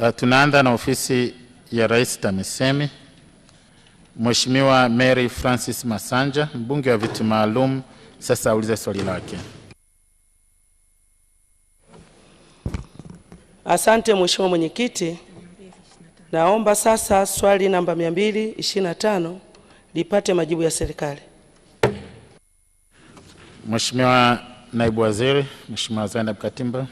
Uh, tunaanza na ofisi ya Rais TAMISEMI. Mheshimiwa Mary Francis Masanja, mbunge wa viti maalum, sasa aulize swali lake. Asante Mheshimiwa Mwenyekiti, naomba sasa swali namba 225 lipate majibu ya serikali. Mheshimiwa Naibu Waziri, Mheshimiwa Zainab Katimba.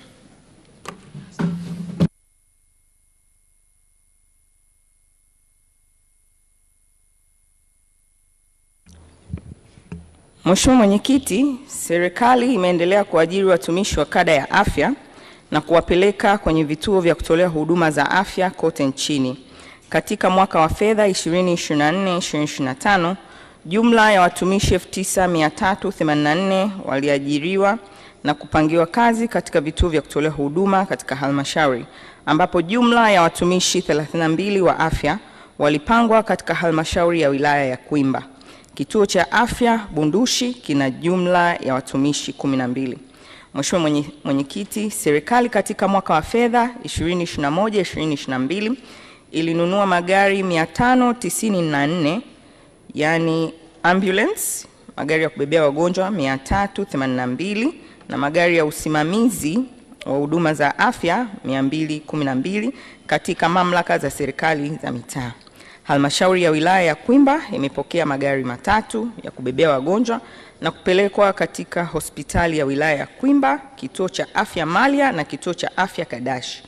Mheshimiwa Mwenyekiti, serikali imeendelea kuajiri watumishi wa kada ya afya na kuwapeleka kwenye vituo vya kutolea huduma za afya kote nchini. Katika mwaka wa fedha 2024/2025 jumla ya watumishi 9384 waliajiriwa na kupangiwa kazi katika vituo vya kutolea huduma katika halmashauri, ambapo jumla ya watumishi 32 wa afya walipangwa katika halmashauri ya wilaya ya Kwimba. Kituo cha afya Bundushi kina jumla ya watumishi 12. Mheshimiwa Mwenyekiti, serikali katika mwaka wa fedha 2021 2022 ilinunua magari 594 yani ambulance, magari ya kubebea wagonjwa 382 na magari ya usimamizi wa huduma za afya 212 katika mamlaka za serikali za mitaa. Halmashauri ya wilaya ya Kwimba imepokea magari matatu ya kubebea wagonjwa na kupelekwa katika hospitali ya wilaya ya Kwimba, kituo cha afya Malya na kituo cha afya Kadashi.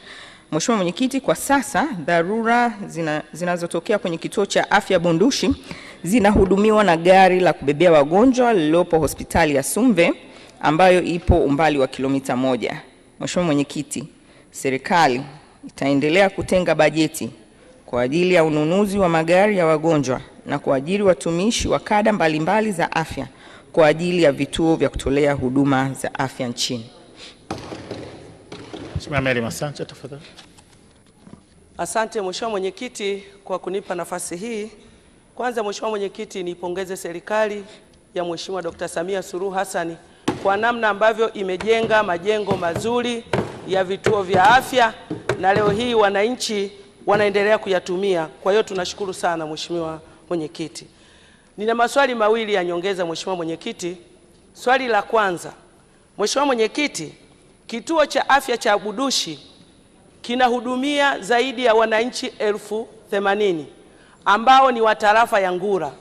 Mheshimiwa Mwenyekiti, kwa sasa dharura zina, zinazotokea kwenye kituo cha afya Bundushi zinahudumiwa na gari la kubebea wagonjwa lililopo hospitali ya Sumve ambayo ipo umbali wa kilomita moja. Mheshimiwa Mwenyekiti, serikali itaendelea kutenga bajeti kwa ajili ya ununuzi wa magari ya wagonjwa na kuajiri watumishi wa kada mbalimbali za afya kwa ajili ya vituo vya kutolea huduma za afya nchini. Asante Mheshimiwa Mwenyekiti kwa kunipa nafasi hii. Kwanza Mheshimiwa Mwenyekiti, niipongeze serikali ya Mheshimiwa Dr. Samia Suluhu Hassan kwa namna ambavyo imejenga majengo mazuri ya vituo vya afya na leo hii wananchi wanaendelea kuyatumia. Kwa hiyo tunashukuru sana Mheshimiwa Mwenyekiti. Nina maswali mawili ya nyongeza, Mheshimiwa Mwenyekiti. Swali la kwanza, Mheshimiwa Mwenyekiti, kituo cha afya cha Budushi kinahudumia zaidi ya wananchi elfu themanini ambao ni wa tarafa ya Ngura.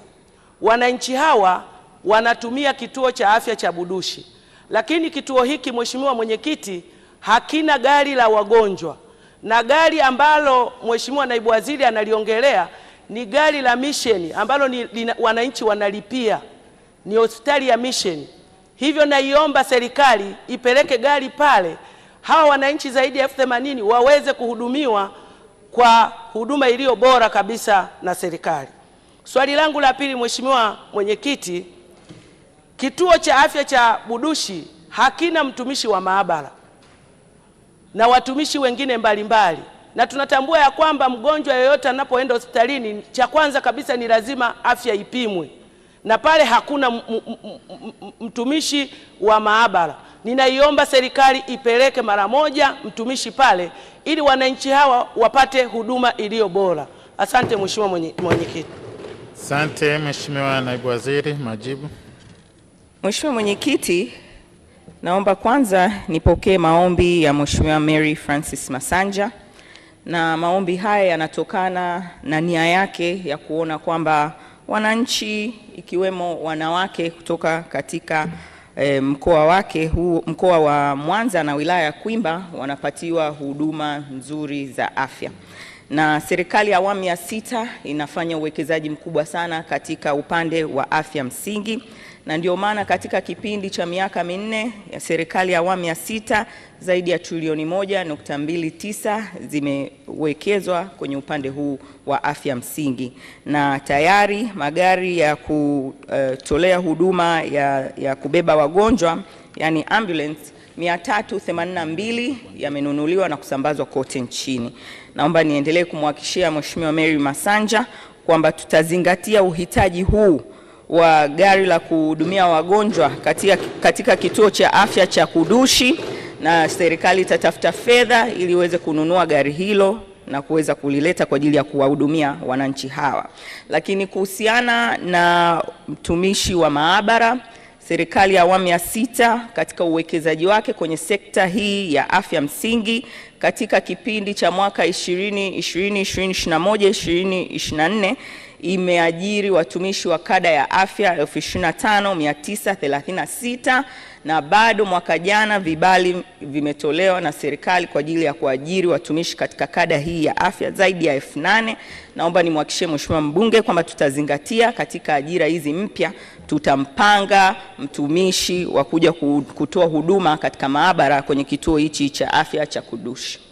Wananchi hawa wanatumia kituo cha afya cha Budushi, lakini kituo hiki Mheshimiwa Mwenyekiti, hakina gari la wagonjwa na gari ambalo mheshimiwa naibu waziri analiongelea ni gari la misheni ambalo ni, lina, wananchi wanalipia, ni hospitali ya misheni. Hivyo naiomba serikali ipeleke gari pale, hawa wananchi zaidi ya elfu themanini waweze kuhudumiwa kwa huduma iliyo bora kabisa na serikali. Swali langu la pili, mheshimiwa mwenyekiti, kituo cha afya cha Budushi hakina mtumishi wa maabara na watumishi wengine mbalimbali mbali. Na tunatambua ya kwamba mgonjwa yeyote anapoenda hospitalini, cha kwanza kabisa ni lazima afya ipimwe, na pale hakuna mtumishi wa maabara, ninaiomba serikali ipeleke mara moja mtumishi pale ili wananchi hawa wapate huduma iliyo bora. Asante Mheshimiwa Mwenyekiti. Asante Mheshimiwa Naibu Waziri, majibu. Mheshimiwa Mwenyekiti, Naomba kwanza nipokee maombi ya Mheshimiwa Mary Francis Masanja, na maombi haya yanatokana na nia yake ya kuona kwamba wananchi ikiwemo wanawake kutoka katika e, mkoa wake huu mkoa wa Mwanza na wilaya ya Kwimba wanapatiwa huduma nzuri za afya. Na serikali ya awamu ya sita inafanya uwekezaji mkubwa sana katika upande wa afya msingi na ndio maana katika kipindi cha miaka minne ya serikali ya awamu ya sita zaidi ya trilioni moja nukta mbili tisa zimewekezwa kwenye upande huu wa afya msingi, na tayari magari ya kutolea huduma ya, ya kubeba wagonjwa yani ambulance 382 yamenunuliwa na kusambazwa kote nchini. Naomba niendelee kumhakikishia Mheshimiwa Mary Masanja kwamba tutazingatia uhitaji huu wa gari la kuhudumia wagonjwa katika, katika kituo cha afya cha Kudushi na serikali itatafuta fedha ili iweze kununua gari hilo na kuweza kulileta kwa ajili ya kuwahudumia wananchi hawa. Lakini kuhusiana na mtumishi wa maabara, serikali ya awamu ya sita katika uwekezaji wake kwenye sekta hii ya afya msingi katika kipindi cha mwaka 2020 2021 2024 imeajiri watumishi wa kada ya afya 25936 na bado mwaka jana vibali vimetolewa na serikali kwa ajili ya kuajiri watumishi katika kada hii ya afya zaidi ya elfu nane. Naomba nimhakikishie Mheshimiwa mbunge kwamba tutazingatia katika ajira hizi mpya, tutampanga mtumishi wa kuja kutoa huduma katika maabara kwenye kituo hichi cha afya cha Kudushi.